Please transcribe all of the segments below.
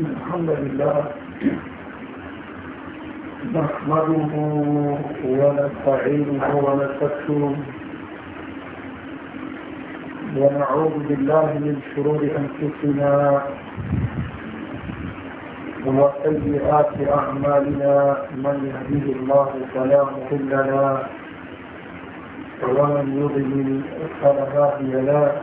الحمد لله نحمده ونستعينه ونستغفره ونعوذ بالله من شرور انفسنا وسيئات اعمالنا من يهديه الله فلا مضل له ومن يضلل فلا هادي له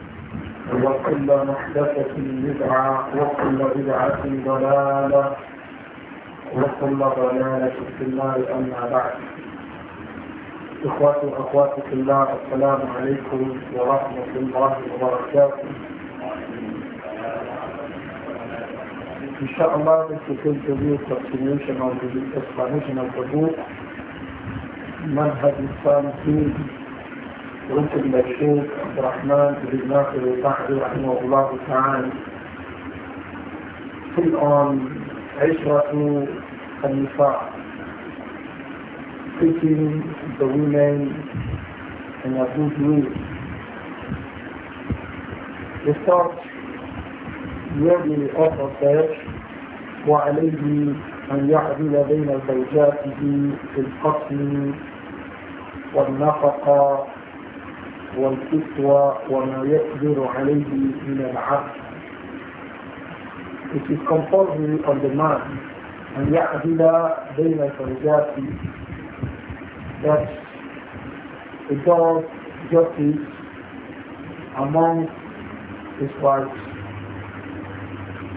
وكل محدثة بدعة وكل بدعة ضلالة وكل ضلالة في النار أما بعد إخواتي وأخواتي في الله السلام عليكم ورحمة الله وبركاته إن شاء الله this is going to be a continuation of the explanation of the book منهج السامسين وانت إلى الشيخ عبد الرحمن بن ناصر الصحفي رحمه الله تعالى في الآن عشرة النساء taking the women in a good way. The thought يدي أفضل الثلاث وعليه أن يعدل بين زوجاته في القتل والنفقة It is وما يقدر عليه من العبد It is compulsory on the man أن يعدل بين الزوجات that he does justice among his wives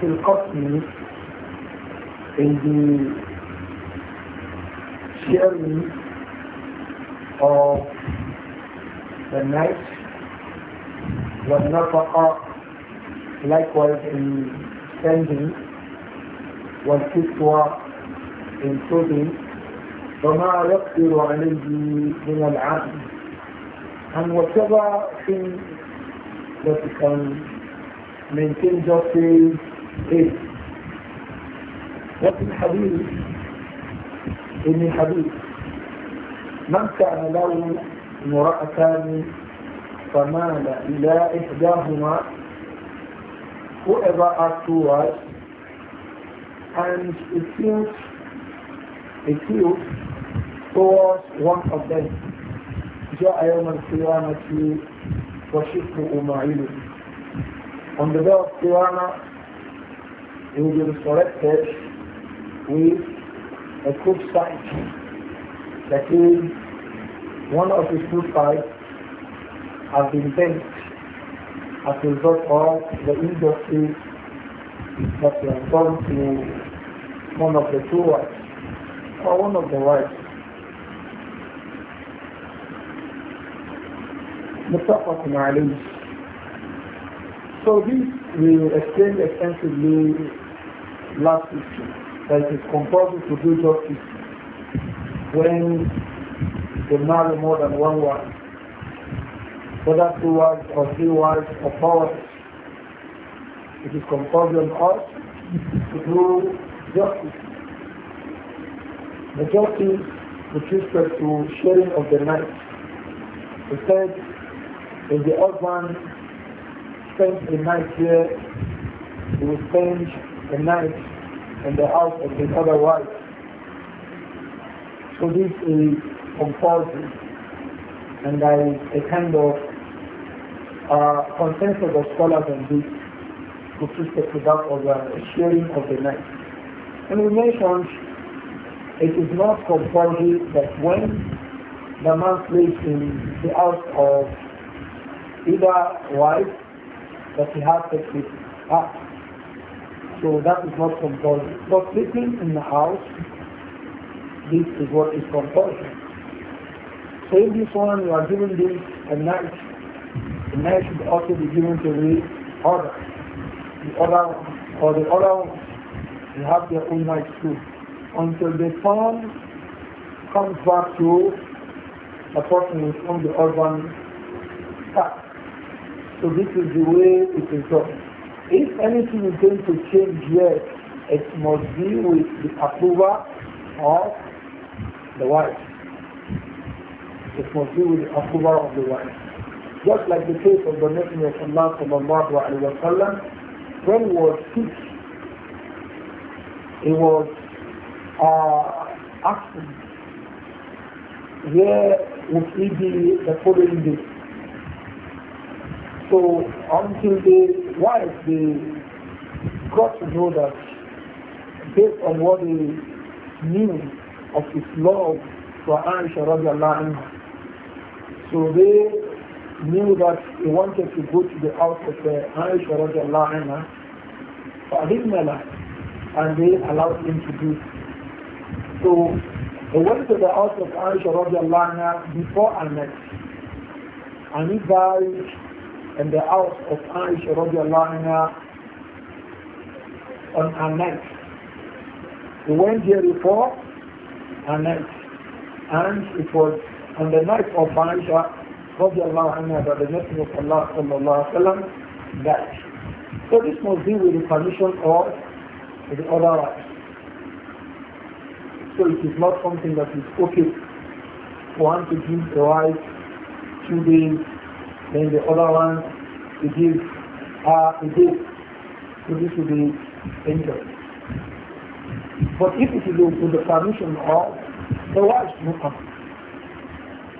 في القسم in the sharing of the night والنفقة likewise in spending والكسوة in clothing وما يقدر عليه من العبد and whatever thing that you can maintain justice is وفي الحديث in الحديث من كان له امرأتان فمال إلى إحداهما whoever acts towards and it feels it feels towards one of them جاء يوم القيامة وشكر معيل on the day of Qiyamah he will be resurrected with a good sight that is one of the two sides has been bent as a result of the industry that was done to one of the two wives or one of the wives. Mustafa عليه. So this we explained extensively last week that it is compulsory to do justice when to marry more than one wife, whether two wives or three wives or four It is composed on us to do justice. The justice with respect to sharing of the night. It said, if the man spends the night here, he will spend the night in the house of his other wife. So this is compulsory. And I a a kind of uh, consensus of scholars on this which is to product of the uh, sharing of the night. And we mentioned it is not compulsory that when the man sleeps in the house of either wife that he has sex with her. So that is not compulsory. But sleeping in the house, this is what is compulsory save this one, you are given this, and now, the now should also be given to the other. The other or the other They have their own rights too. Until the son comes back to a person with the urban starts. So this is the way it is done. If anything is going to change yet, it must be with the approval of the wife it must be with the approval of the wife. Just like the case of the Messenger of Allah sallallahu alayhi wa sallam, when he was sick, he was uh, asking, where would he be the following day? So until the wife, they got to know that based on what they knew of his love for Aisha radiallahu anha, so they knew that he wanted to go to the house of uh, Aisha radiallahu anha for Adilmala and they allowed him to do So he went to the house of Aisha radiallahu anha before Anas and he died in the house of Aisha radiallahu anha on a night. He went here before a and it was on the night of Aisha, radiallahu anha, that the Messenger of Allah sallallahu wa sallam died. So this must be with the permission of the other rights. So it is not something that is okay for one to give the wife to days, then the other one to give her a day. So this will be injured. But if it is with the permission of the wife, no problem.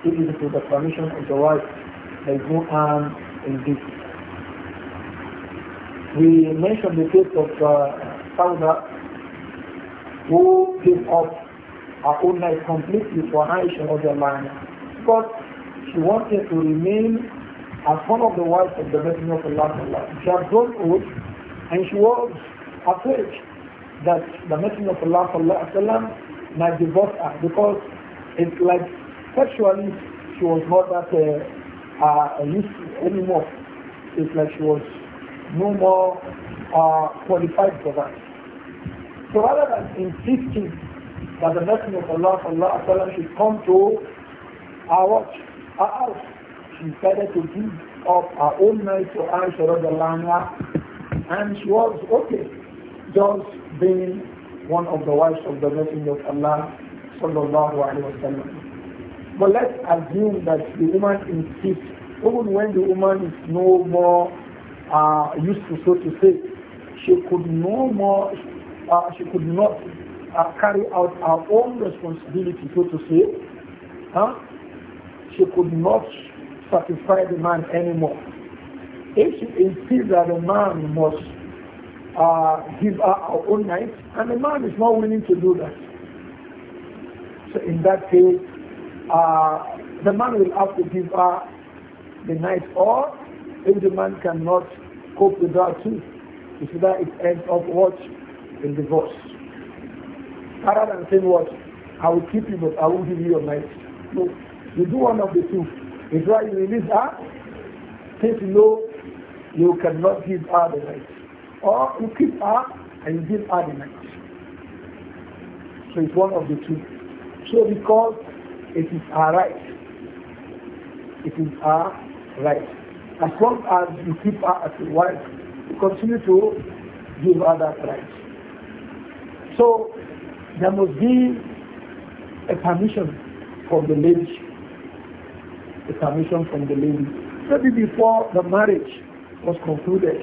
It is to the permission of the wife. There is no harm in this. We mentioned the case of uh, Sauda who gave up her own life completely for Aisha of the man because she wanted to remain as one of the wives of the Messenger of Allah. She had grown old and she was afraid that the Messenger of Allah might divorce her because it's like Sexually, she was not that uh, uh, useful anymore. It's like she was no more uh, qualified for that. So rather than insisting that the blessing of Allah sallallahu alayhi should come to our watch, our house, she decided to give up her own night to Aisha radiallahu and she was okay, just being one of the wives of the blessing of Allah sallallahu alayhi wa sallam. But let's assume that the woman insists, even when the woman is no more uh, useful, so to say, she could no more, uh, she could not uh, carry out her own responsibility, so to say. Huh? She could not satisfy the man anymore. If she insists that the man must uh, give her her own night, and the man is not willing to do that. So in that case, uh, the man will have to give her the night or if the man cannot cope with that too, it's that it ends up what? In divorce. Rather than saying what? I will keep you but I will give you your night. No. You do one of the two. It's why you release her, since you know you cannot give her the night. Or you keep her and you give her the night. So it's one of the two. So because it is our right. It is our right. As long as you keep us as wife, continue to give her that right. So there must be a permission from the lady. A permission from the lady. Maybe before the marriage was concluded,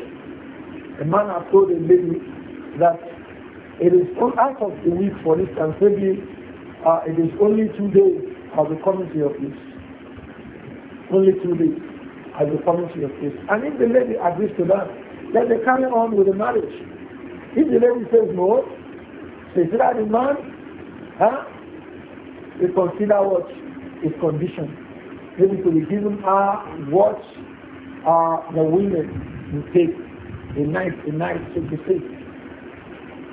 a man has told the lady that it is out of the week, for instance, maybe uh, it is only two days of the be of peace, Only two days. I'll be of to And if the lady agrees to that, then they carry on with the marriage. If the lady says no, says that the man, huh? They consider what is condition. Maybe to be given her what are uh, the women who take a night, a night, to be safe.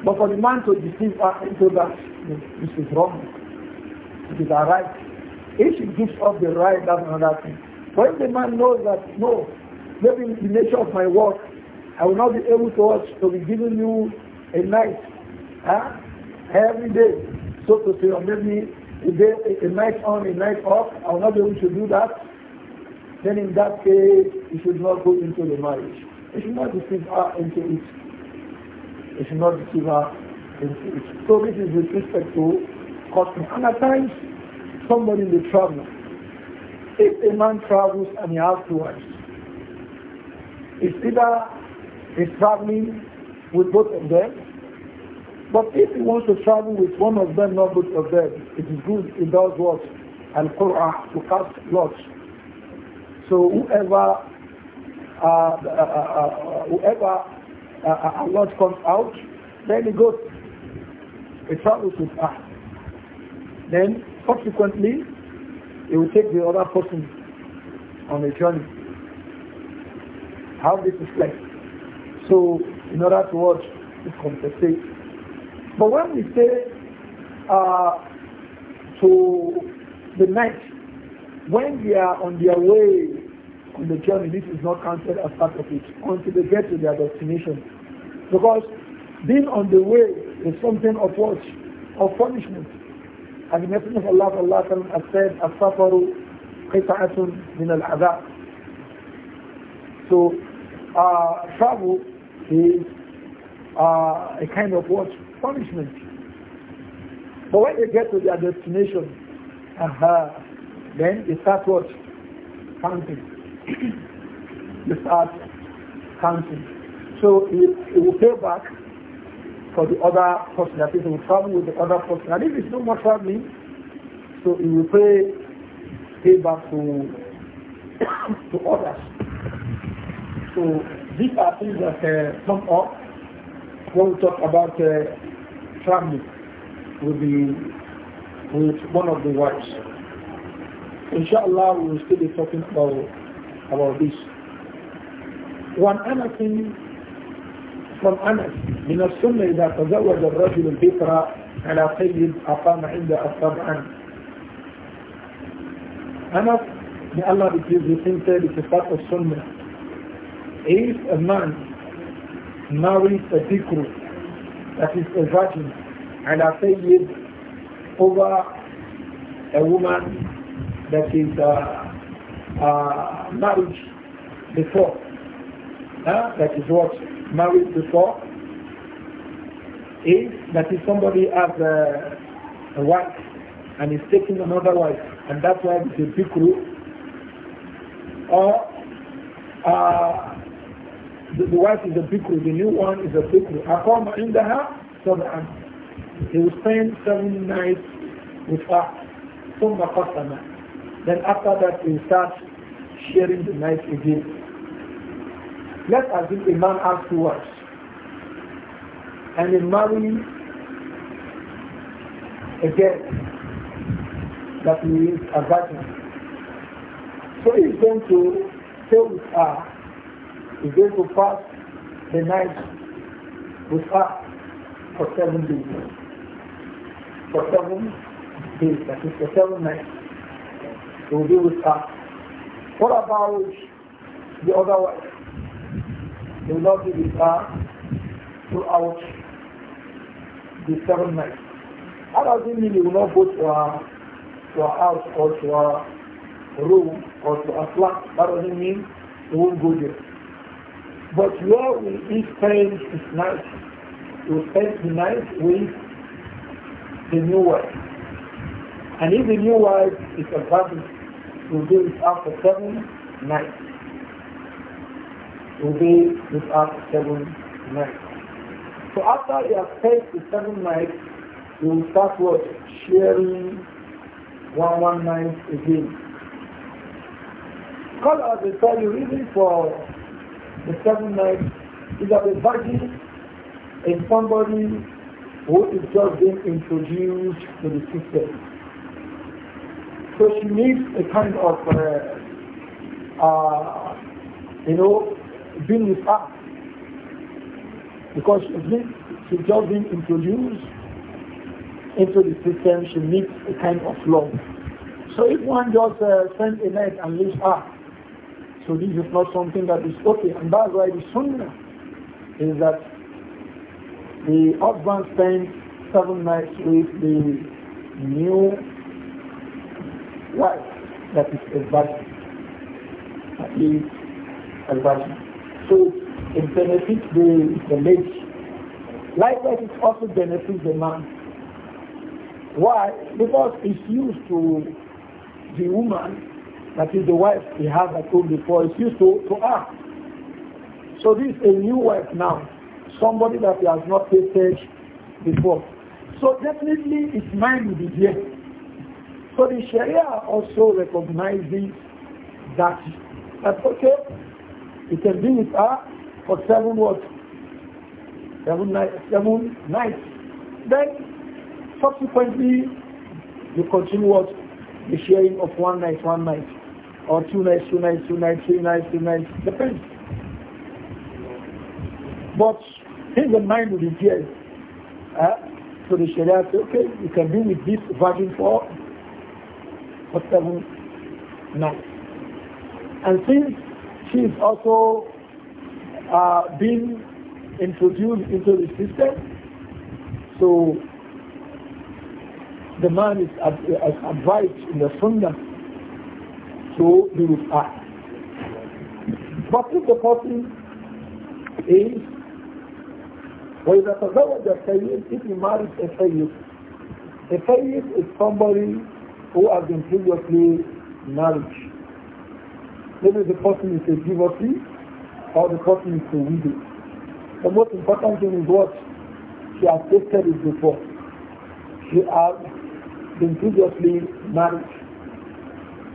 But for the man to deceive her into that, this is wrong. It is our right. If he gives up the right, that's another thing. But if the man knows that, no, maybe the nature of my work, I will not be able to watch, to be giving you a night huh? every day, so to say, or maybe a, day, a, a night on, a night off, I will not be able to do that, then in that case, you should not go into the marriage. You should not deceive her into it. You should not deceive her into it. So this is with respect to custom. And at times, somebody in the travel. If a man travels and he has two wives, it's either he's traveling with both of them, but if he wants to travel with one of them, not both of them, it is good, it does what? and Quran to cast lots. So whoever uh, uh, uh, uh whoever a uh, uh, lot comes out, then he goes. It travels with us. Then Consequently, he will take the other person on a journey. How this is like. So, in order to watch, to compensate. But when we say uh, to the night, when they are on their way on the journey, this is not counted as part of it until they get to their destination. Because being on the way is something of what? Of punishment. And the Messenger of Allah sallallahu alayhi wa has said, as qita'atun min al-adab. So, uh, travel is uh, a kind of what? Punishment. But when they get to their destination, uh, then they start what? Counting. they start counting. So it, it will pay back for the other person. That is, travel with the other person. And if it's no more traveling, so he will pay, pay back to, to others. So these are things that uh, come up when we talk about uh, traveling with, the, with one of the wives. Inshallah, we will still be talking about, about this. One other thing from Anas من السنة إذا تزوج الرجل البكرة على طيب أقام عنده الطبعا أنا may Allah be pleased with him said it's a part of sunnah if a man marries a that is a على طيب over a woman that is uh, uh, married before. That is what married before is that if somebody has a, a wife and is taking another wife, and that wife is a bikru, or uh, the, the, wife is a bikru, the new one is a bikru. Akoma indaha sab'an. He will spend seven nights with her. Thumma qasama. Then after that he will start sharing the night again. Let's assume a man has two wives and they marry a girl means a virgin. So he's going to stay with her, he's going to pass the night with her for seven days. For seven days, that is for seven nights, he will be with her. What about the other wife? He will not be with her throughout the seven nights. That doesn't mean you will not go to a to a house or to a room or to a flat. That doesn't mean you won't go there. But where we each is night. We spend the night with the new wife. And if the new wife is a husband, we'll do it after seven nights. We'll be it after seven nights. So after you have spent the seven nights, you will start what? Sharing 119 again. Because as I tell you, reason for the seven nights is that the virgin is somebody who is just being introduced to the system. So she needs a kind of, uh, uh, you know, being with us because she just been introduced into the system, she needs a kind of law. So if one just uh, a knife and leaves her, ah, so this is not something that is okay. And that's why the sunnah is that the husband spends seven nights with the new wife that is a virgin. That is a virgin. So it benefits the, the lady. Likewise, it also benefits the man. Why? Because it's used to the woman, that is the wife he had at home before, it's used to, to her. So this is a new wife now, somebody that he has not tasted before. So definitely his mind will be So the Sharia also recognizes that, that okay, you can be with her, for seven what? Seven, seven nights. Then subsequently you continue what? The sharing of one night, one night. Or two nights, two nights, two nights, three nights, two nights. Depends. But in the mind will the here. Uh, so the Sharia says, okay, you can be with this virgin for, for seven nights. And since she is also uh, being introduced into the system. So the man is advised in the sunnah to do with us. But if the person is وإذا تزوج السيد if he marries a Sayyid, a Sayyid is somebody who has been previously married maybe the person is a devotee, or the person is a widow. The most important thing is what she has tested it before. She has been previously married.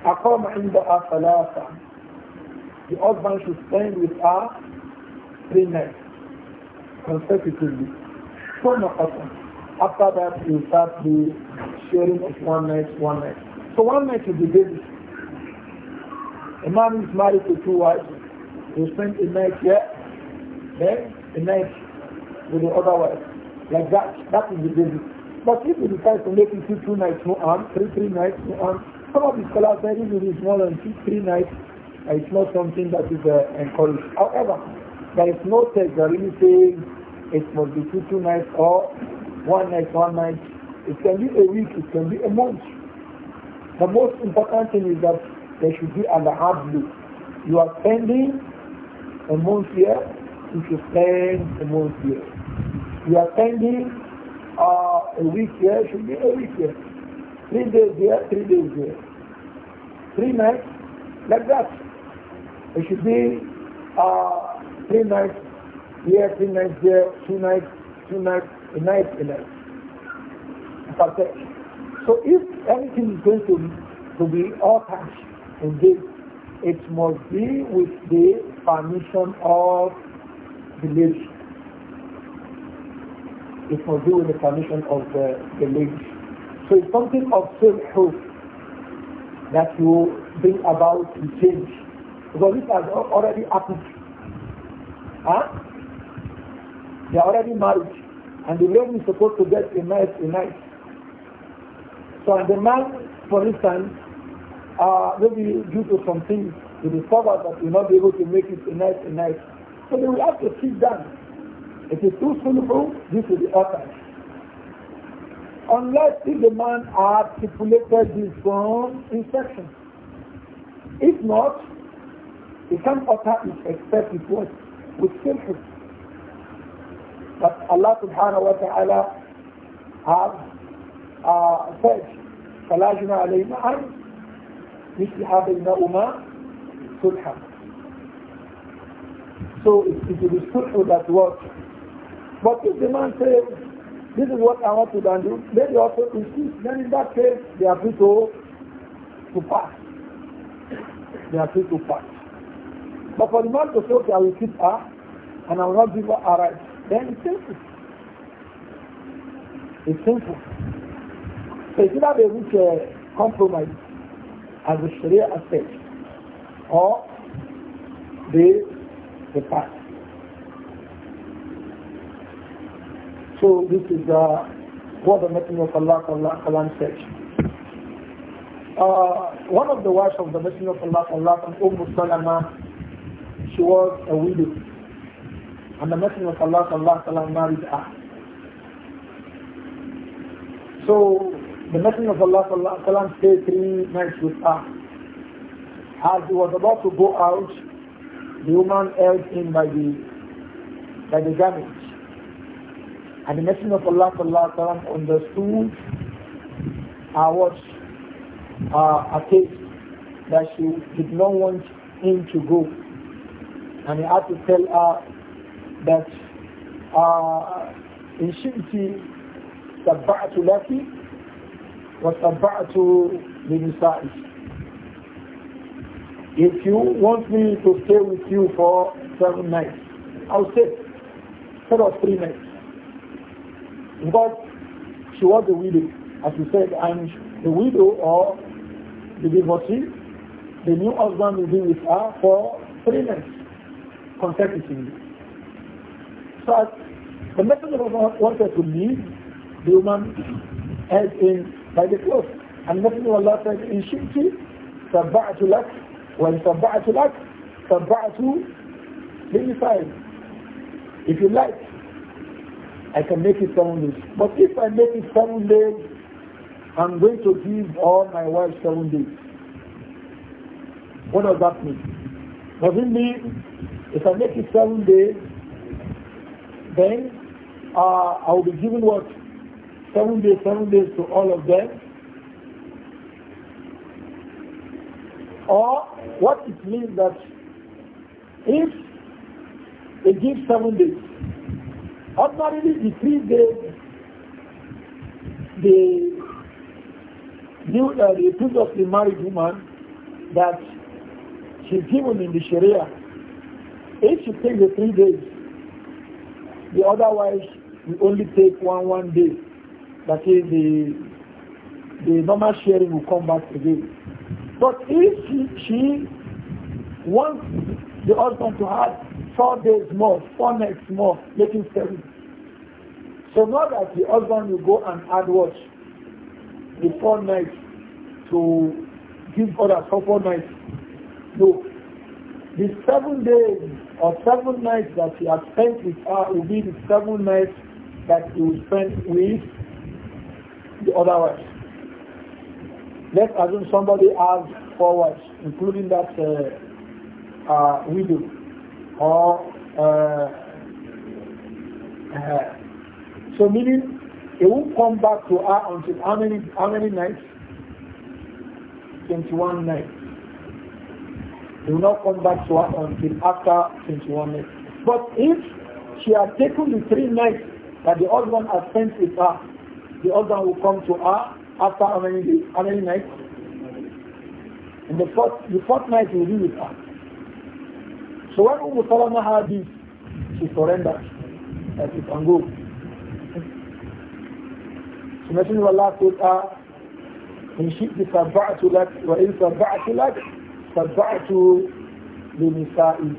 أقام عندها ثلاثة The husband should spend with her three nights consecutively. From a After that, you start the sharing of one night, one night. So one night is the basis. A man is married to two wives, you spend a night here, then a night with the other wife. Like that. That is the basic. But if you decide to make it two, two nights, no harm, three, three nights, no harm, some of the scholars say if it is more than two, three nights, uh, it's not something that is uh, encouraged. However, there is no text that really saying it must be two, two nights or one night, one night. It can be a week, it can be a month. The most important thing is that there should be an ablu. You are spending a month here, if you spend a month here. You are spending uh, a week here, should be a week here. Three days here, three days here. Three nights, like that. It should be uh, three nights here, three nights there, two nights, two nights, a night, a night. Perfect. So if anything is going to, to be all cash in this, it must be with the permission of the lady. It must be the permission of the, the So it's something of self-hope that you bring about the change. Because this has already happened. Huh? They are already married. And the lady is supposed to get a nice, a night. So and the man, for instance, uh, maybe due to some things, to discover that you are not able to make it a night a night. So they will have to sit down. If it's too suitable, this is the uttered. Unless if the man articulated his own instructions. If not, he can't utter it except with what? With simple. But Allah subhanahu wa ta'ala has uh, said, فَلَا جُنَا عَلَيْنَا عَنْ مِثْلِ هَذَيْنَا أُمَا so it, will be sulh that works. But if the man says, this is what I want to do, then also insist. Then in that case, they are free to, to pass. They are free to pass. But for the man to say, okay, I will keep her, and I will not give her a right, then it's simple. It's simple. So it's either they reach a compromise, as the Sharia says, or the, the past. So this is uh, what the Messenger of Allah, Allah, Allah said. Uh, one of the wives of the Messenger of Allah, Allah Umm Salama, she was a widow. And the Messenger of Allah, Allah married her. So the Messenger of Allah, Allah stayed three nights with her. As he was about to go out, the woman held him by the by the garment. And the Messenger of Allah sallallahu understood uh, what uh, a case that she did not want him to go, and he had to tell her that uh, in shifty تبعت لك وتبعت لنسائك if you want me to stay with you for seven nights, I'll stay. Instead or three nights. Because she was a widow, as you said, and the widow or the divorcee, the new husband will be with her for three nights consecutively. So the messenger wanted to leave the woman as in by the clothes. And Messenger of Allah said, In Shikti, Sabba'atu وإن تبعت لك تبعت للسائل If you like, I can make it seven days. But if I make it seven days, I'm going to give all my wife seven days. What does that mean? Does it mean if I make it seven days, then uh, I will be giving what? Seven days, seven days to all of them. Or what it means that if they give seven days, ordinarily the three days the new uh, the of the married woman that she's given in the Sharia, if she takes the three days, the otherwise wives will only take one one day. That is the the normal sharing will come back again. But if she wants the husband to have four days more, four nights more, making seven. So now that the husband will go and add watch the four nights to give others four nights. No. The seven days or seven nights that he has spent with her will be the seven nights that he will spend with the other wife let assume somebody has four wives, including that uh, uh, widow or uh, uh, so meaning it won't come back to her until how many how many nights? Twenty one nights. It will not come back to her until after twenty one nights. But if she had taken the three nights that the husband has spent with her, the husband will come to her after how many days, how many nights? In the fourth, the fourth night will be with us. So when Umm Salama had this, she surrendered that she can go. So Messenger of Allah told her, إن شئت تبعت لك وإن تبعت لك تبعت لنسائي.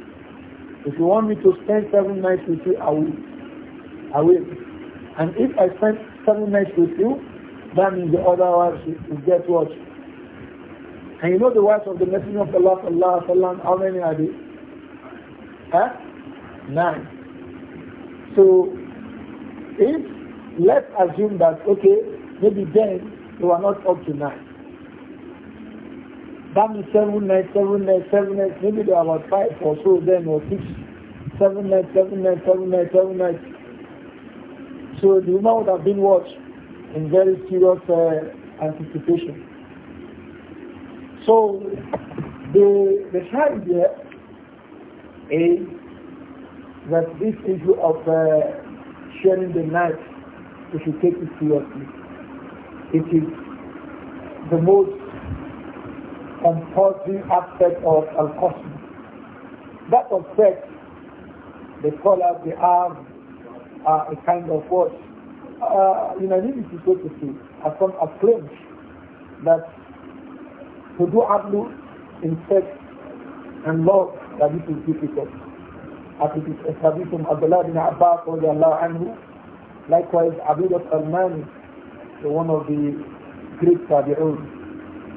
If you want me to spend seven nights with you, I will. I will. And if I spend seven nights with you, that means the other wives is get what? And you know the wives of the Messenger of Allah sallallahu alaihi wasallam, how many are they? Huh? Nine. So if let's assume that okay, maybe then they were not up to nine. That means seven nights, seven nights, seven nights, maybe there were about five or so then or six. Seven nights, seven nights, seven nights, seven nights. So the woman would have been watched in very serious uh, anticipation. So the the idea is that this issue of uh, sharing the night, we should take it seriously. It is the most important aspect of al-Qasm. That aspect, the color of the arm, uh, a kind of what? uh, unanimity, so to say, as some have claimed that to do adlu in sex and love, that it is difficult. As it is established from Abdullah bin Abbas anhu, likewise Abid al-Salmani, one of the great tabi'un,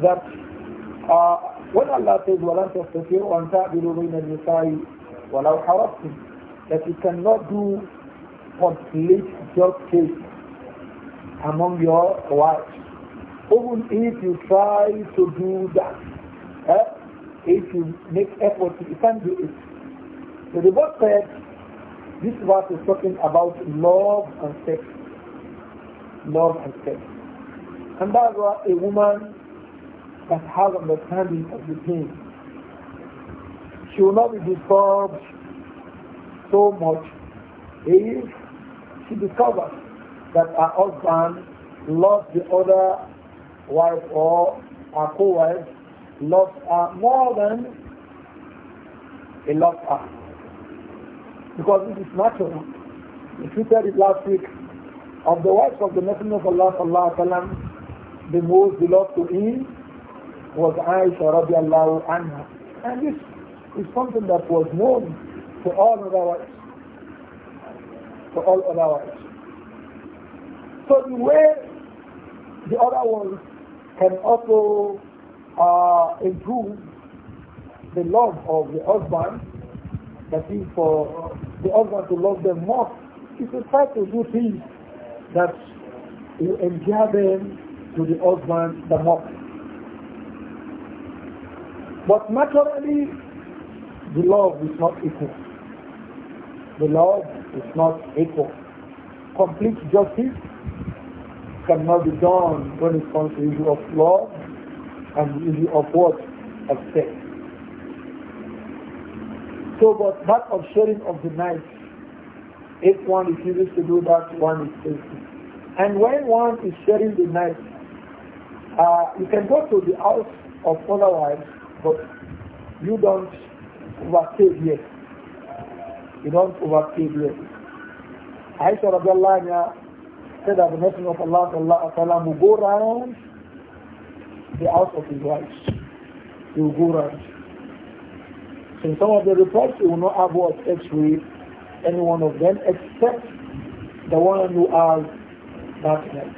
that uh, when Allah says, وَلَنْ تَسْتَفِرُوا أَنْ تَعْبِلُوا بَيْنَ النِّسَاءِ وَلَوْ حَرَصْتُمْ That you cannot do complete justice among your wives. Even if you try to do that, eh? if you make effort, you can't do it. So the book said, this verse is talking about love and sex. Love and sex. And that's why a woman that has understanding of the thing, she will not be disturbed so much if she discovers that her husband loves the other wife or our co-wife, loves her more than he loves her. Because this is natural. We said it last week. Of the wives of the Messenger of Allah sallallahu sallam, the most beloved to him was Aisha radiallahu anha. And this is something that was known to all other wives. To all other wives. So the way the other ones can also uh, improve the love of the husband, that is for the husband to love them more, is to try to do things that will endear them to the husband the more. But naturally, the love is not equal. The love is not equal. Complete justice cannot be done when it comes to issue of law and the issue of what? Of sex. So, but that of sharing of the knife, if one refuses to do that, one is guilty. And when one is sharing the knife, uh, you can go to the house of other wives, but you don't overtake yet. You don't overtake yet. Aisha radiallahu said that the Messenger of Allah وسلم, will go round the house of his wives. He will go round. So in some of the reports, he will not have what sex with any one of them except the one who has that right.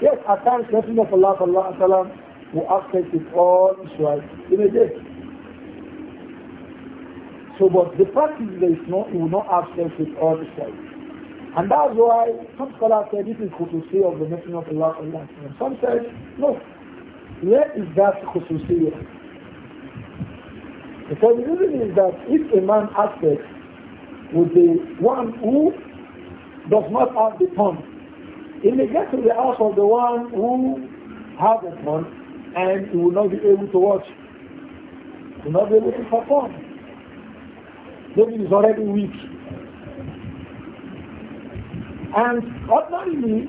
Yes, at times the Messenger of Allah وسلم, will have sex with all his wives in a day. So, but the practice is that he will not have sex with all his wives. And that's why some scholars say this is khususi of the making of Allah. Allah. Some say, no. Where is that khususi? Because the reason is that if a man aspect with the one who does not have the tongue, he may get to the house of the one who has the tongue and he will not be able to watch, he will not be able to perform. Maybe he's already weak. And ordinarily,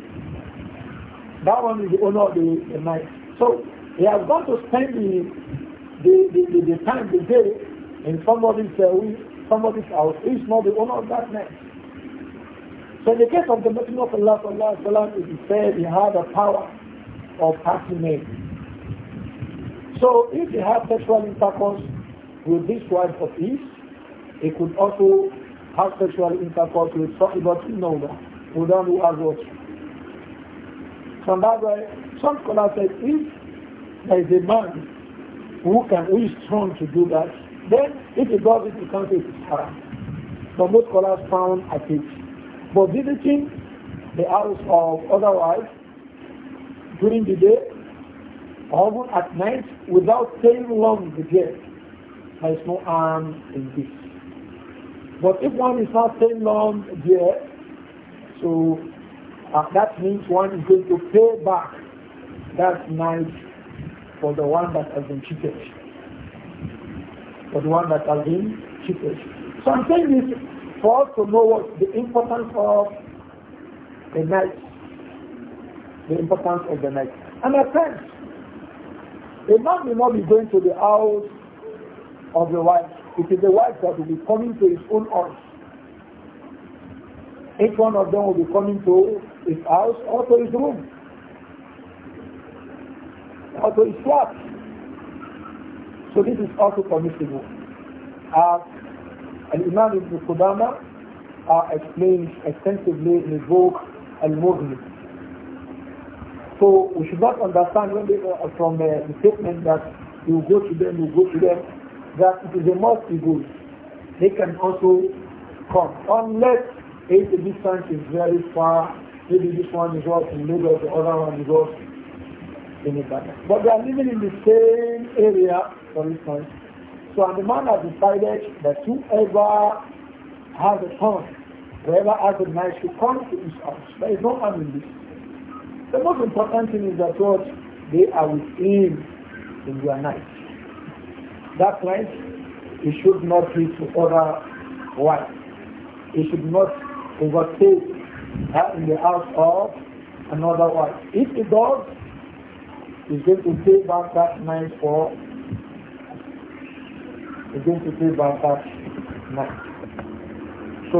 that one is the owner of the, the night. So he has got to spend the, the, the, the, the time, the day in somebody's, uh, somebody's house. He's not the owner of that night. So in the case of the Messenger of Allah, Allah, Allah he said he had the power of passing it. So if he had sexual intercourse with this wife of his, he could also have sexual intercourse with Sahibat Nawdah we don't what. some scholars say if there is a man who can who is strong to do that, then if he does it, he can't say it's haram. So most scholars found at it. But visiting the house of otherwise during the day or even at night without staying long the day, there is no harm in this. But if one is not staying long there, so uh, that means one is going to pay back that night for the one that has been cheated. For the one that has been cheated. So I'm saying this for us to know what the importance of the night. The importance of the night. And at times, a man will not be going to the house of the wife. It is the wife that will be coming to his own house. Each one of them will be coming to his house or to his room or to his flat. So this is also permissible. Uh, and Imam Ibn Qudama uh, explained extensively in his book Al-Mughni. So we should not understand when they, uh, from uh, the statement that you go to them, you go to them, that it is a must be good. They can also come unless if the distance is very far, maybe this one is also in Lagos, the other one is also in Ibadan. But they are living in the same area, for instance. So and the man has decided that whoever has a son, whoever has a night should come to his house. There is no harm in this. The most important thing is that what they are with him in their night. That means he should not be to other wives. He should not overtake uh, in the house of another wife. If it does, he's going to pay back that night for he's going to pay back that night. So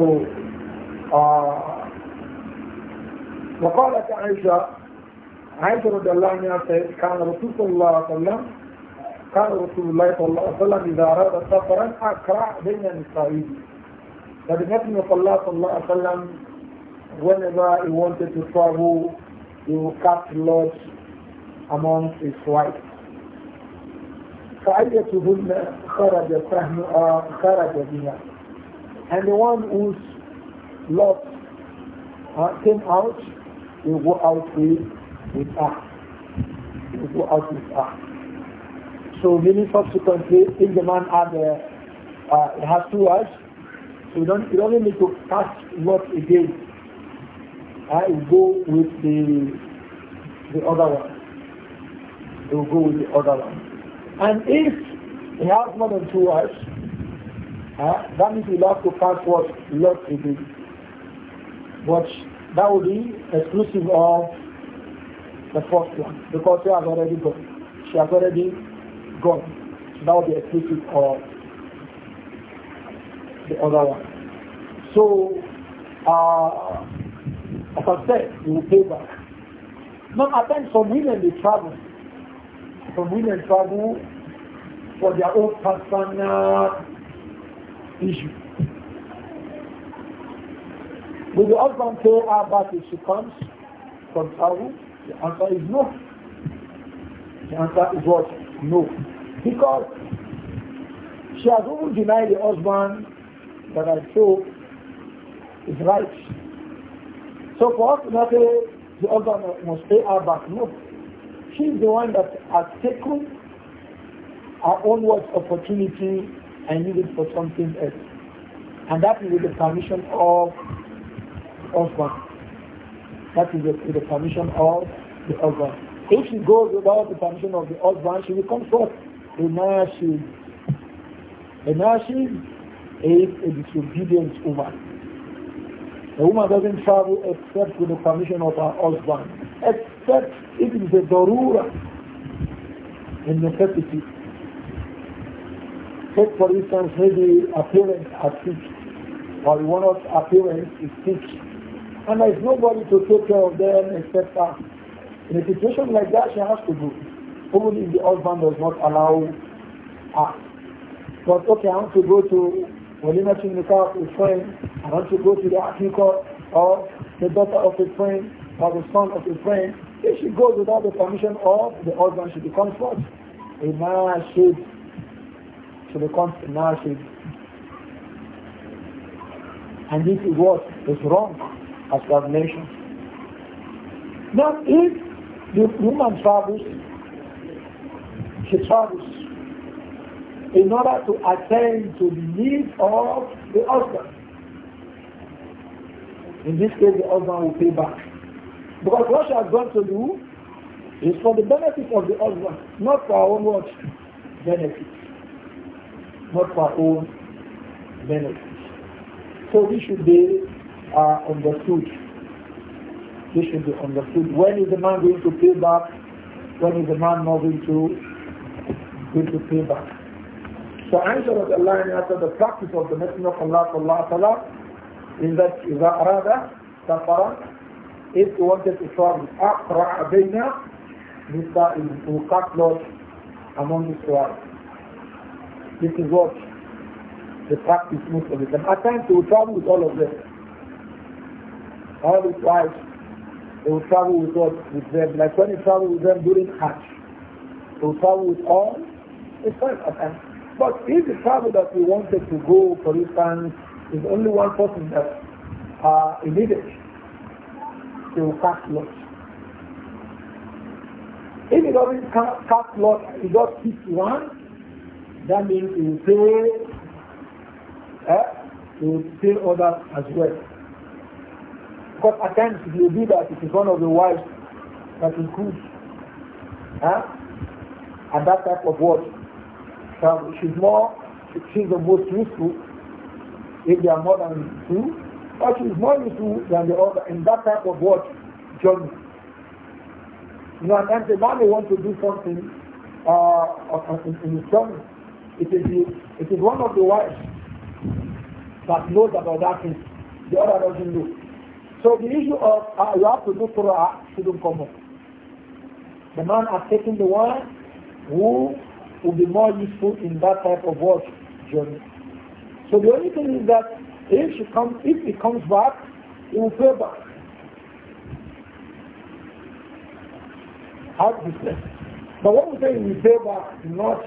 uh وقالت عائشة عائشة رضي الله عنها كان رسول الله صلى الله عليه وسلم كان رسول الله صلى الله عليه وسلم إذا أراد سفرا أكرع بين النسائين but the Messenger of Allah sallallahu sallam, whenever he wanted to travel, he would cast lots among his wives. فأيتهن خرج فهم خرج بها and the one whose lot uh, came out will go out with with her will go out with her so many subsequently if the man had a, uh, uh has two wives so you don't, you don't need to ask what again. I will go with the, the other one. He will go with the other one. And if he has more than two wives, uh, that means he'll have to pass what lot again. But that will be exclusive of the first one because she has already gone. She has already gone. So that will be exclusive of the other one. So, uh, as I said, you will pay back. Not at times some women they travel. Some women travel for their own personal issue. Will the husband pay her back if she comes from travel? The answer is no. The answer is what? No. Because she has even denied the husband that I show is right. So for us not say the other must pay our back. No. She's the one that has taken our own opportunity and used it for something else. And that is with the permission of husband. That is with the permission of the husband. If she goes without the permission of the husband, she will come forth. The nashid. The nashid aid a disobedient woman. A woman doesn't travel except with the permission of her husband, except it is a darura, a necessity. Take for instance, maybe a parent is sick, or one of our parents is sick, and there is nobody to take care of them except her. In a situation like that, she has to go. Even if the husband does not allow her. But okay, I want to go to Walima Tunika to a friend, I want to go to the Akika or the daughter of a friend or the son of a friend. If she goes without the permission of the husband, she becomes what? A nashid. She becomes a nashid. And this is what is wrong as God mentioned. Now if the woman travels, she travels in order to attend to the needs of the husband. In this case, the husband will pay back. Because what she has gone to do is for the benefit of the husband, not for our own what? Benefit. Not for our own benefit. So this should be uh, understood. This should be understood. When is the man going to pay back? When is the man not going to, going to pay back? So Aisha was Allah and after the practice of the Messenger of Allah sallallahu alayhi wa is that إذا أراد if you wanted to travel أقرع بين نساء will cut lot among the Israel. This is what the practice most of the time. At times they will travel with all of them. All the wives, they will travel with us, with them. Like when he travel with them during Hajj, they will travel with all his wives at times. But if the travel that we wanted to go, for instance, is only one person that uh, is needed, they will cast lots. If it doesn't cast lots, it just picks one, that means we will pay, eh, it will pay others as well. Because at times if you do that, it is one of the wives that includes. Eh? And that type of work which she's more, she's the most useful if they are more than two, but she's more useful than the other in that type of what journey. You know, and the man may want to do something uh, in, in his journey. It is, the, it is one of the wives that knows about that thing. The other doesn't know. So the issue of uh, you have to do Torah shouldn't come up. The man has taken the one who will be more useful in that type of work journey. So the only thing is that if she comes, if he comes back, he will pay back. How to say? But what we say we pay back, not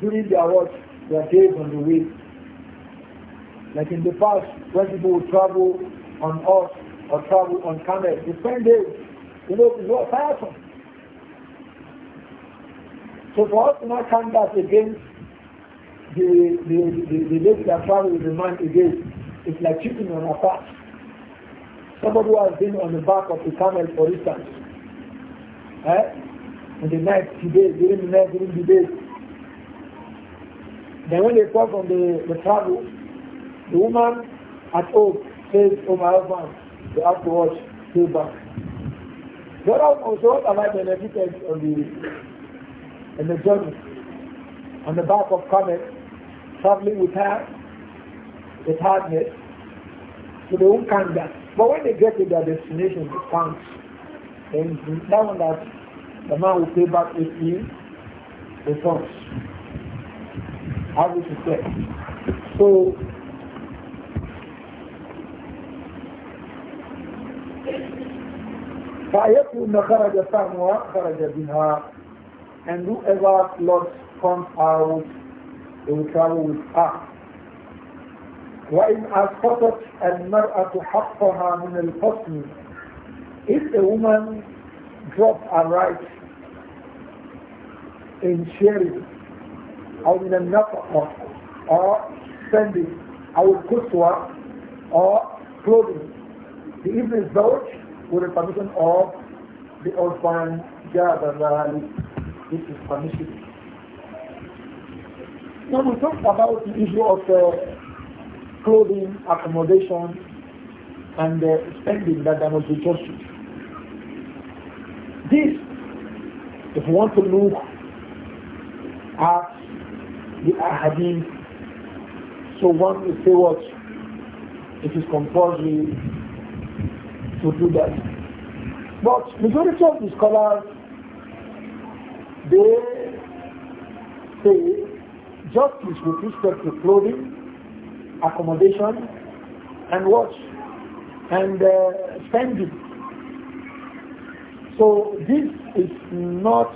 during their work, their days on the way. Like in the past, when people would travel on horse or travel on camel, they spend days. You know, it's not tiresome. So for us not count that against the, the, the, the lady that travel with the man again, it's like cheating on a part. Somebody who has been on the back of the camel, for instance, eh? in the night, today, during the night, during the day. Then when they come from the, the travel, the woman at home says, oh my husband, you have to watch, pay back. The other one also, what am I benefited on the in the journey on the back of Comet, traveling with her, with hardness, to the will But when they get to their destination, it counts. And that one that the man will pay back with you the funds. How would you say? So, خرج خرج بها and whoever lot comes out, they will travel with her. وإن أسقطت المرأة حقها من القسم If a woman drops a right in sharing أو من النفقة or spending أو الكسوة or clothing the ابن الزوج with the permission of the husband جاب ذلك this is permissible. Now we talked about the issue of uh, clothing, accommodation, and uh, spending that there must be justice. This, if you want to look at the Ahadim, so one would say what? It is compulsory to do that. But majority of the scholars they say justice with respect to clothing, accommodation, and what? And uh, spending. So this is not,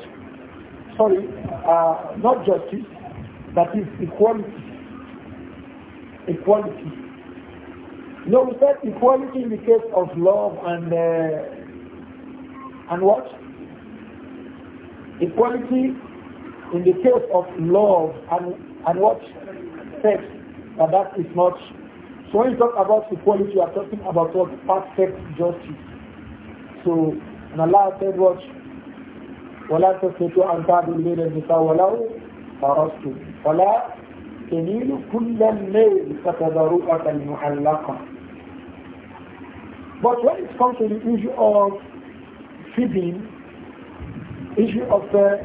sorry, uh, not justice, is equality. Equality. No, we said equality in the case of love and uh, and what? Equality in the case of love and, and what? Sex. But that is not. So when you talk about equality, you are talking about what? Perfect justice. So, and Allah said what? ولا تستطيعوا أن تعدوا بين النساء ولو فرستم فلا تميلوا كل الليل فتذروءة المعلقة But when it comes to the issue of feeding, issue of uh,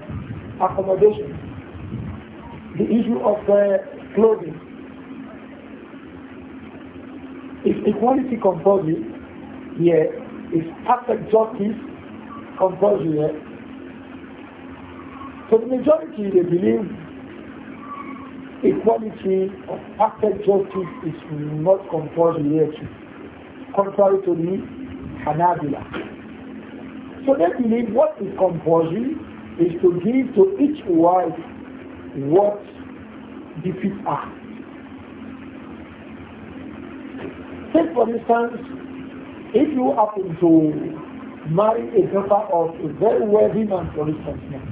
accommodation, the issue of uh, clothing. Is equality compulsory? here, if perfect justice compulsory? here, So the majority they believe equality of perfect justice is not compulsory yet, contrary to the Hanabila. So they believe what is compulsory is to give to each wife what defeats her. Take for instance, if you happen to marry a daughter of a very wealthy man, for instance,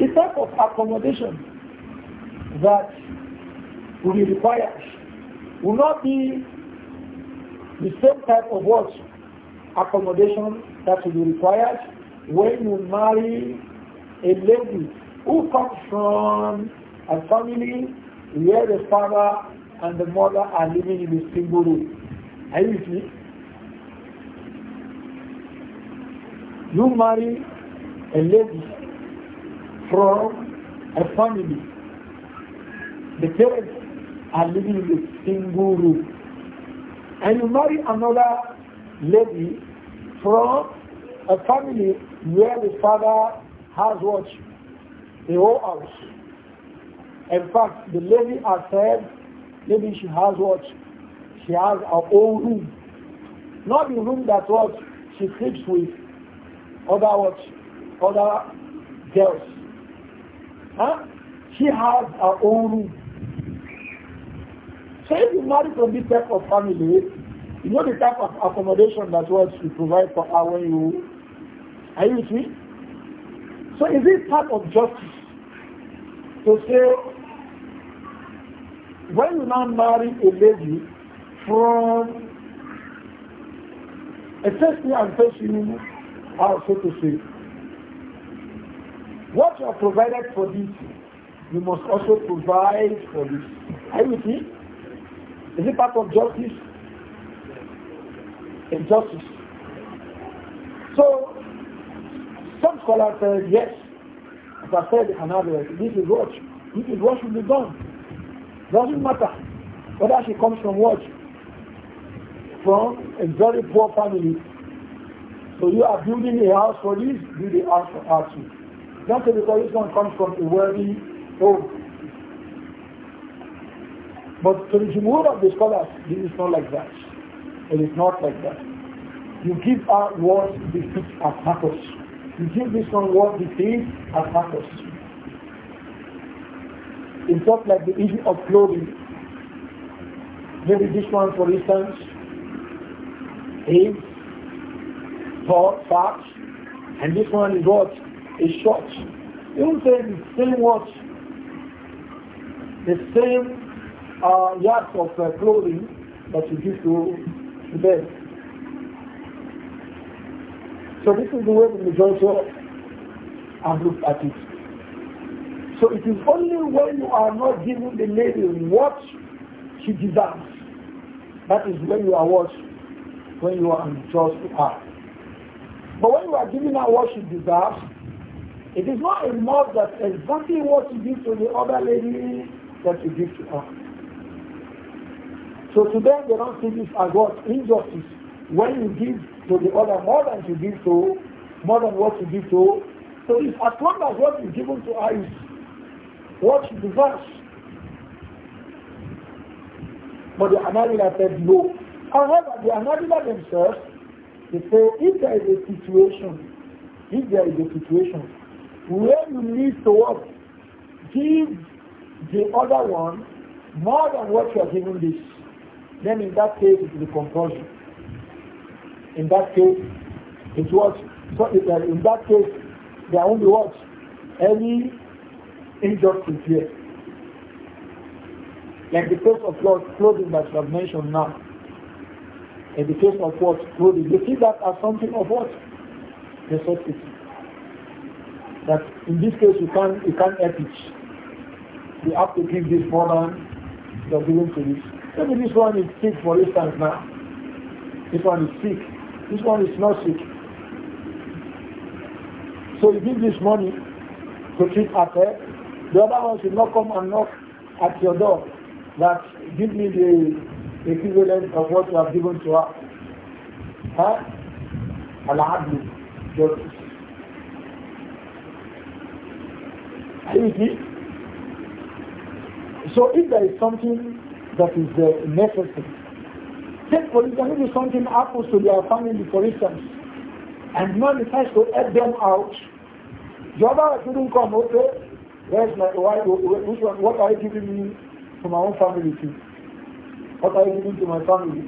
the type of accommodation that will be required will not be the same type of what accommodation that will be required when you marry a lady who comes from a family where the father and the mother are living in a single room. Are you with me? You marry a lady from a family. The parents are living in a single room. And you marry another lady from a family where the father has what? The whole house. In fact, the lady has said, maybe she has what? She has her own room. Not the room that what she sleeps with other what? Other girls. Huh? She has her own room. So if you marry from this type of family, you know the type of accommodation that was provided provide for our you are you with me? So is it part of justice to say when you now marry a lady from a thirsty and thirsty are so to say what you are provided for this you must also provide for this. Are you with me? Is it part of justice? injustice. So, some scholars said, yes, as I said, another this is what, this is what should be done. Doesn't matter whether she comes from what? From a very poor family. So you are building a house for this, build a house for her too. Not because this one comes from a wealthy home. But to the jumhur of the scholars, this is not like that. It is not like that. You give out what we feet are purpose. You give this one what we feet are purpose. It's not like the issue of clothing. Maybe this one, for instance, is tall, fat, and this one is what? Is short. You say the same watch, the same uh, yards of uh, clothing that you give to today. So this is the way the majority have looked at it. So it is only when you are not giving the lady what she deserves. That is when you are what? When you are unjust to her. But when you are giving her what she deserves, it is not enough that exactly what you give to the other lady that you give to her. So to them, they don't see this as what injustice. When you give to the other more than you give to, more than what you give to. So if as long as what is given to us is what you deserve. But the Hanabila said no. However, the Hanabila themselves, they say if there is a situation, if there is a situation where you need to what, give the other one more than what you are giving this then in that case it is a compulsion. In that case, it was so uh, in that case there are only what any injustice here. Like the case of what clothing that you have mentioned now. In the case of what clothing, you see that as something of what necessity. That in this case you can't you can't help it. You have to give this burden you're giving to this me, this one is sick, for instance, now. This one is sick. This one is not sick. So you give this money to treat affair. The other one should not come and knock at your door that give me the equivalent of what you have given to us. Huh? Al-Adlu, justice. Are you So if there is something that is uh, necessary. Take for example something happens to their family, for instance, and man decides to help them out, the other shouldn't come, okay, where's my wife, which one, what are you giving me to my own family too? What are you giving to my family?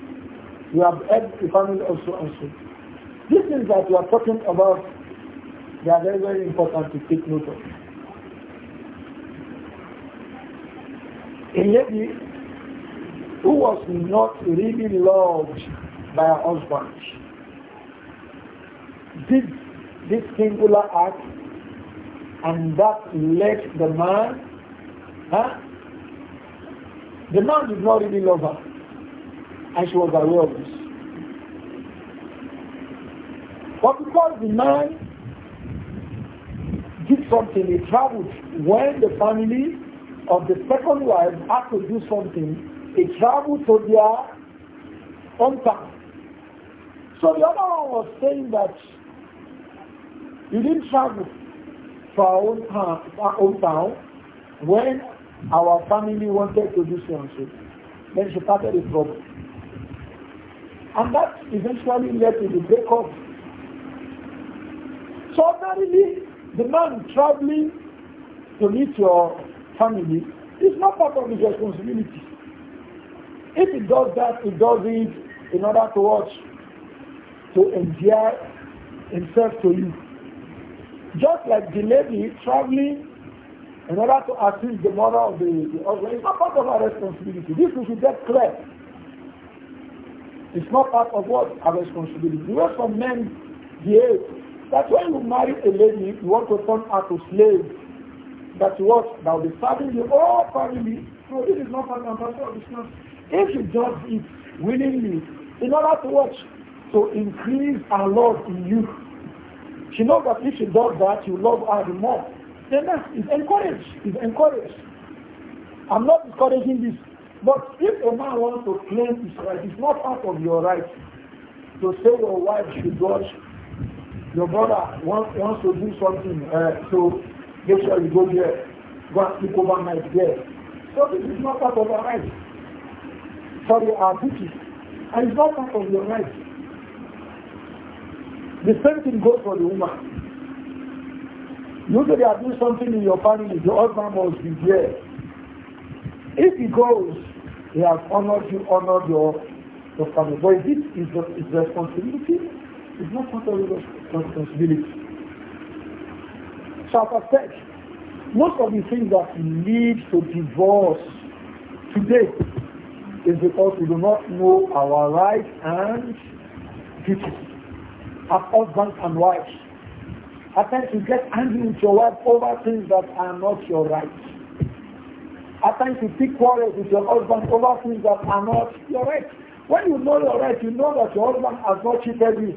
You have helped the family also and so. These things that we are talking about, they are very, very important to take note of. A lady who was not really loved by her husband did this singular act and that led the man huh? the man did not really love her and she was aware of this but because the man did something, he traveled when the family of the second wife had to do something, they travel to their own town. So the other one was saying that you didn't travel to our own town, our own town when our family wanted to do something. Then she started the problem. And that eventually led to the breakup. So ordinarily, the man traveling to meet your family is not part of his responsibility. If it does that, it does it in order to watch, to endear himself to you. Just like the lady traveling in order to assist the mother of the, the husband, it's not part of our responsibility. This we should get clear. It's not part of what our responsibility. The way some men behave, that when you marry a lady, you want to turn her to slave. That's what? Now the family, the whole family. No, this is not part of our responsibility. If you does it willingly, in order to watch, to increase our love in you, she knows that if she does that, you love her more. Then that is encouraged. Is encouraged. I'm not discouraging this. But if a man wants to claim his right, it's not part of your right to say your wife should watch, your brother wants, wants to do something, uh, so make sure you go there, go and sleep overnight there. So this is not part of our right. For your duty. And it's not part of your right. The same thing goes for the woman. Usually are doing something in your family, the husband must be there. If he goes, he has honored you, honored your, your family. But this is the, responsibility, it's not part of your responsibility. So as I most of the things that lead to divorce today is because we do not know our rights and duties as husbands and wives. At times you get angry with your wife over things that are not your rights. At times you pick quarrels with your husband over things that are not your rights. When you know your rights, you know that your husband has not cheated you,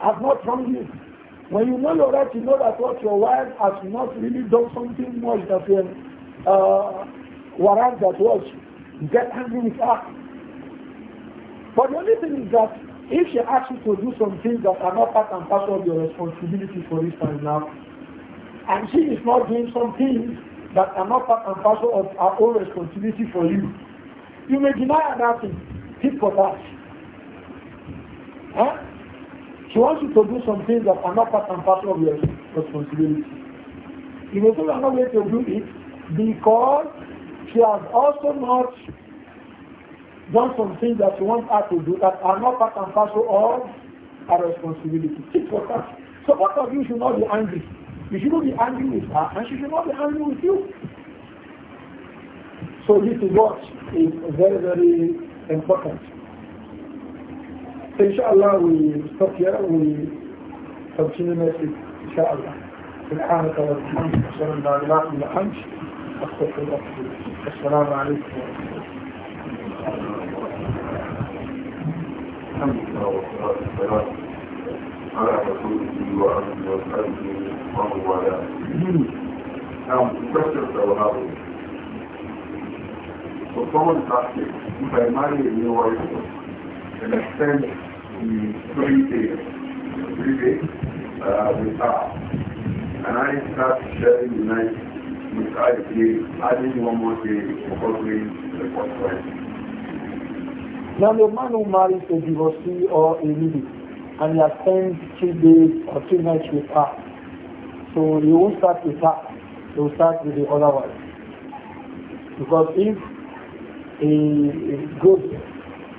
has not wronged you. When you know your rights, you know that what your wife has not really done something much that will um, uh, warrant that was get angry with her. But the only thing is that if she asks you to do some things that are not part and parcel of your responsibility for this time now, and she is not doing some things that are not part and parcel of her own responsibility for you, you may deny her thing. Keep for that. Huh? She wants you to do some things that are not part and parcel of your responsibility. You may say, I'm not going to do it because she has also not done some things that she wants her to do that are not part and parcel of her responsibility. So both of you should not be angry. You should not be angry with her and she should not be angry with you. So this is what is very, very important. Inshallah, we stop here. We continue next week. Inshallah. سبحانك وبحمدك أشهد أن لا إله إلا أنت أستغفرك السلام عليكم الحمد لله والصلاة والسلام على رسوله وعلى وصحبه ومن والاه. نعم بشر توهاوي. وطبعا تحكي primary اللي هو الاحسان في 3 days 3 days بتاع انا عايز تعرف الشارع اليوناني one more day before the Now the man who marries a divorcee or a widow, and he has spent two days or two nights with her. So he won't start with her, he will start with the other one. Because if he goes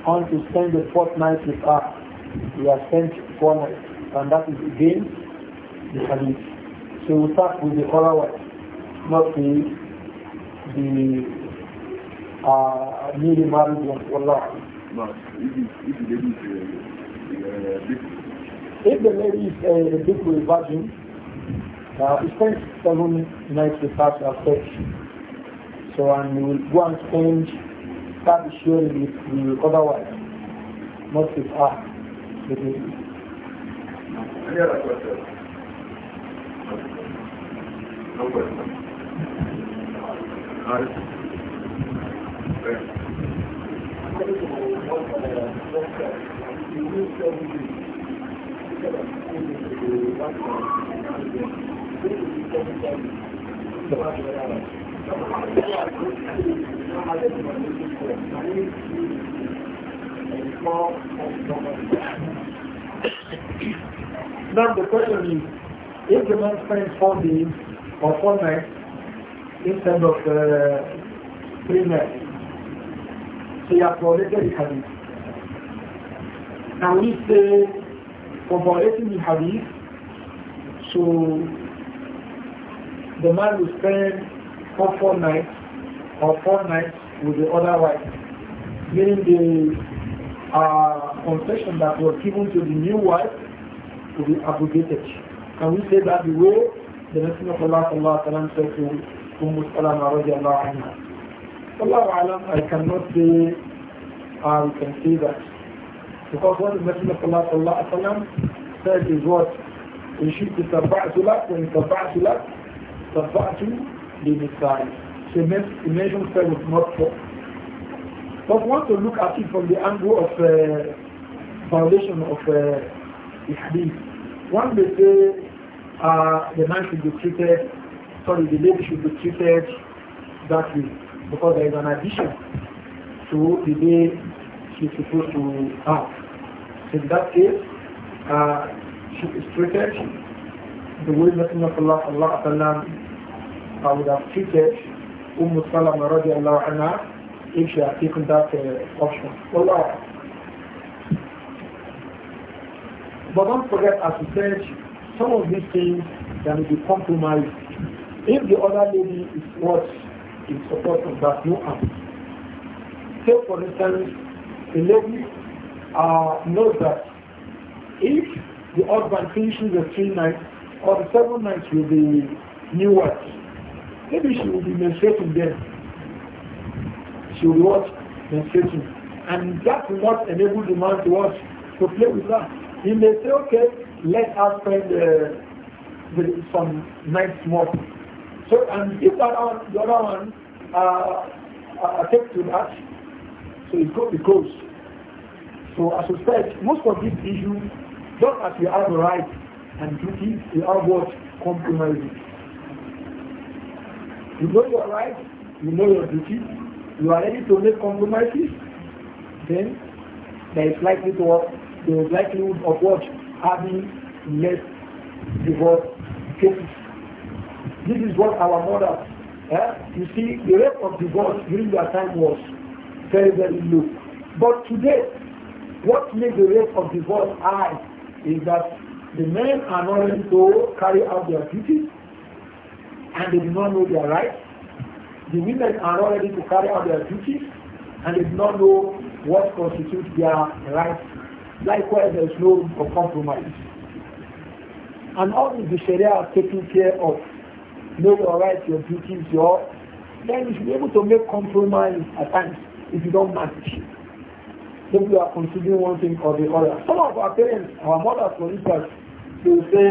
on to spend the fourth night with her, he has spent four nights and that is against the hadith. So we start with the other one not the the uh, newly married one. Wallah. But if the lady is a uh, uh, if the lady is uh, a virgin, uh, we spend seven nights with her to sex. So and you will go and spend start sharing with the other wife, not with her. Any other questions? No questions. Now the question is, if the man spends four days or four nights instead of uh, three men. So you have violated the hadith. Now we say for violating the hadith, so the man will spend four, four nights or four nights with the other wife, meaning the uh, concession that was given to the new wife will be abrogated. Can we say that the way the Messenger of Allah said to Umm Salama radiallahu anha. Wallahu alam, I cannot say, uh, we can say that. Because what the Messenger of Allah sallallahu alayhi wa sallam said is what? In shi'ti tabba'tu lak, when tabba'tu lak, tabba'tu li nisa'i. So he mentioned seven, not four. But want to look at it from the angle of uh, violation of uh, the hadith. One may say uh, the man should be treated sorry, the lady should be treated that way because there is an addition to the day she's supposed to act. in that case, uh, she is treated the way Messenger of Allah, Allah sallam, uh, would have treated Umm Salama radiallahu anha if she had taken that uh, option. Allah. Uh, but don't forget, as we said, some of these things can be compromised if the other lady is not in support of that, no harm. Take for instance, the lady uh, knows that if the husband finishes the three nights or the seven nights with the new wife, maybe she will be menstruating then. She will watch menstruation, Menstruating. And that will not enable the man to watch, to play with her. He may say, okay, let us spend uh, the, some nights more so, and if that on, your other one uh, attacks uh, to that, so it, could be closed. So I suspect most of these issues, just as we have right and duty, we are what compromises. You know your rights, you know your duties, you are ready to make compromises, then there is likely to the likelihood of what having less divorce cases. This is what our mothers, eh? you see, the rate of divorce during their time was very, very low. But today, what makes the rate of divorce high is that the men are not ready to carry out their duties and they do not know their rights. The women are not ready to carry out their duties and they do not know what constitutes their rights. Likewise, there is no compromise. And all the Sharia are taking care of know your rights, your duties, your then you should be able to make compromise at times if you don't match. Maybe you are considering one thing or the other. Some of our parents, our mothers for instance, they will say,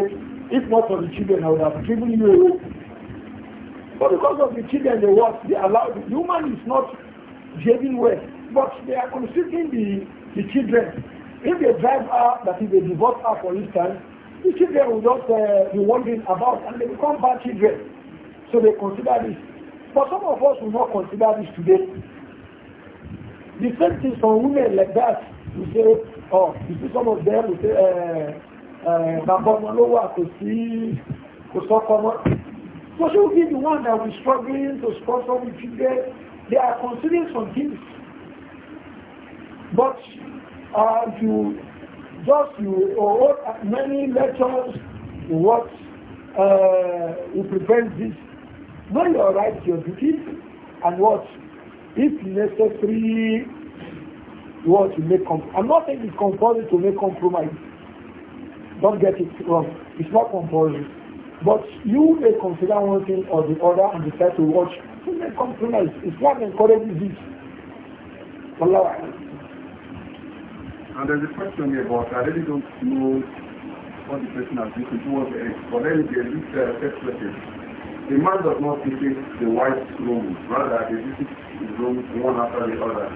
if not for the children, I would have given you But because of the children they what they allow the human is not behaving well, but they are considering the, the children. If they drive her, that is a divorce her for instance, the children will just uh, be wondering about and they become bad children. So they consider this. But some of us will not consider this today. The same thing for women like that. You say, oh, you see some of them will say, uh, uh, Bàbá ọmọ ló wà kò sí kò sọ́kọ mọ́. So she will be the one that will be struggling to sponsor the children. They are considering some things. But uh, you just you or many lectures what uh, will prevent this. When your rights, your duties, and what, if necessary, what you make compromise. I'm not saying it's compulsory to make compromise. Don't get it wrong. It's not compulsory. But you may consider one thing or the other and decide to watch. You make compromise. Islam encourages this. Allah. And there's a question here, but I really don't know what the person has written towards the end. But then there this uh, text message. The man does not visit the wife's room, rather they visit his room one after the other,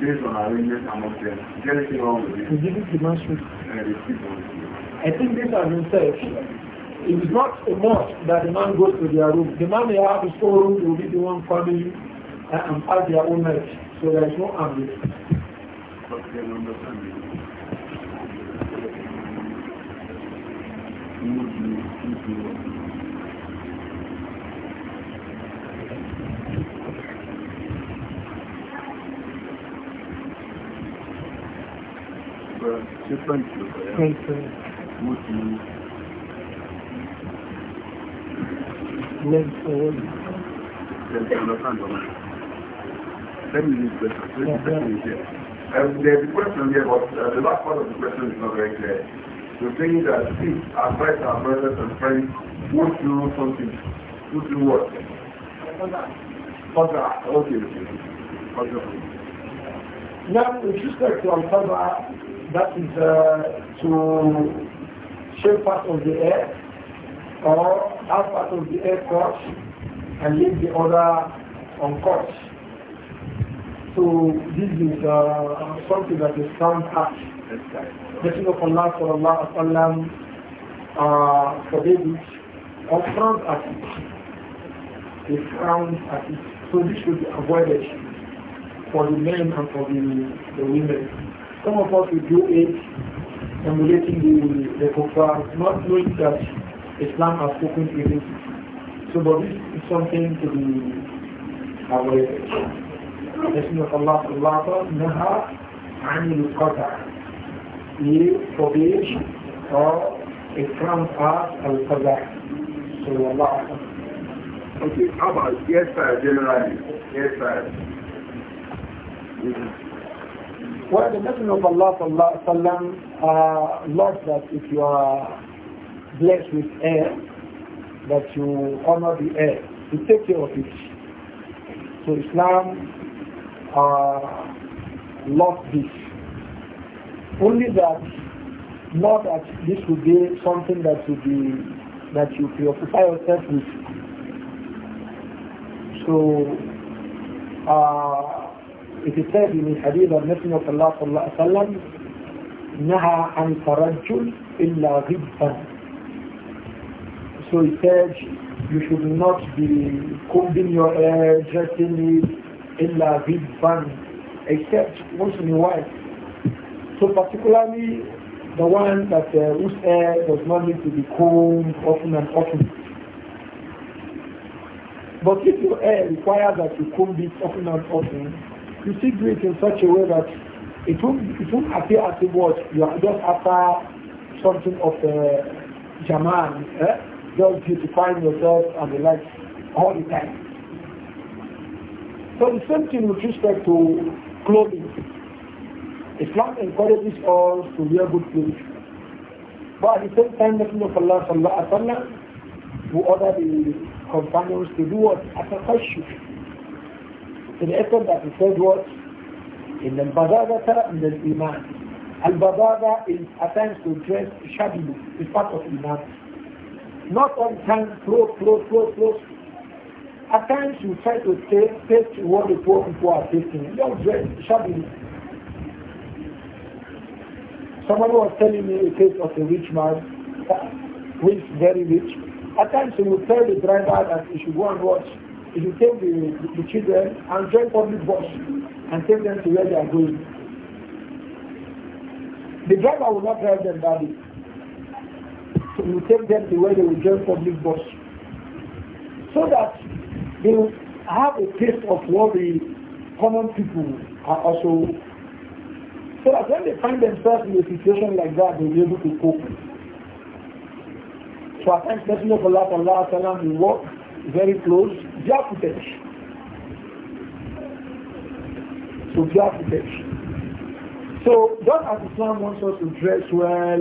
based on arrangement among them. Is there anything wrong with this? Is this the man's room? Uh, the I think this has been said. It is not a must that the man goes to their room. The man may have his own room, will be the one family uh, and have their own night. So there is no ambiguity. But they don't understand it. You need to, you different would be led forward. Yes, I understand. Let me read better. Let me read better. And there's a question here, but uh, the last part of the question is not very clear. The thing is that our friends, our brothers and friends to do something, who do what? Further. Okay, okay. Now, with respect to Al-Fadra, that is uh, to shave part of the air or half part of the air cut and leave the other uncut. So this is uh, something that is found at Messenger of Allah sallallahu alaihi wasallam uh, forbade it or frowned at it. They frowned at it. So this should be avoided for the men and for the, the women. Some of us will do it emulating the, the kuffar, not knowing that Islam has spoken against it. So but this is something to be avoided. Messenger of Allah sallallahu naha anil qada. He forbade or a crown pass al qada. Sallallahu Okay, how about yes sir, generally? Yes sir. Mm -hmm. Well, the Messenger of Allah sallallahu uh, loves that if you are blessed with air, that you honor the air, you take care of it. So Islam uh, lost this. Only that, not that this would be something that would be that you preoccupy yourself with. So, uh, it is said in the hadith of Messenger of Allah sallallahu alaihi wasallam, نهى عن الترجل إلا غبا. So he said, you should not be combing your hair, dressing it, إلا بالبن except once in a while. So particularly the one that uh, whose hair does not need to be combed often and often. But if your hair requires that you comb it often and often, you still do it in such a way that it won't, it won't appear as if what you are just after something of uh, jaman, eh? just beautifying yourself and the like all the time. So the same thing with respect to clothing. Islam encourages us to wear good clothes. But at the same time, the of Allah sallallahu alaihi wasallam who ordered the companions to do what? Atakashu. To the effort that he said what? In the badagata and the iman. Al badada is at times to dress shabby. It's part of iman. Not on time, clothes, clothes, clothes, clothes. At times you try to take, take what the poor people are taking. Don't dress shabbily. Somebody was telling me a case of a rich man, who is very rich. At times he would tell the driver that he should go and watch if you take the, the, children and join public bus and take them to where they are going. The driver will not drive them badly. So you take them to where they will join public bus. So that they will have a taste of what the common people are also. So that when they find themselves in a situation like that, they'll be able to cope. So I think Messenger of Allah, Allah Salaam, will walk very close, Jafutesh. So Jafutesh. So just as Islam wants us to dress well,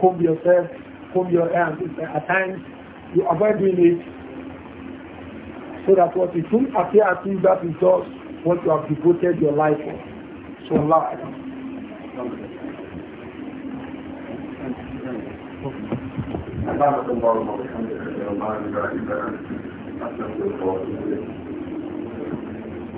comb yourself, comb your hair, at times you avoid doing it so that what you will appear as if that is just what you have devoted your life for. So Allah. Thank you.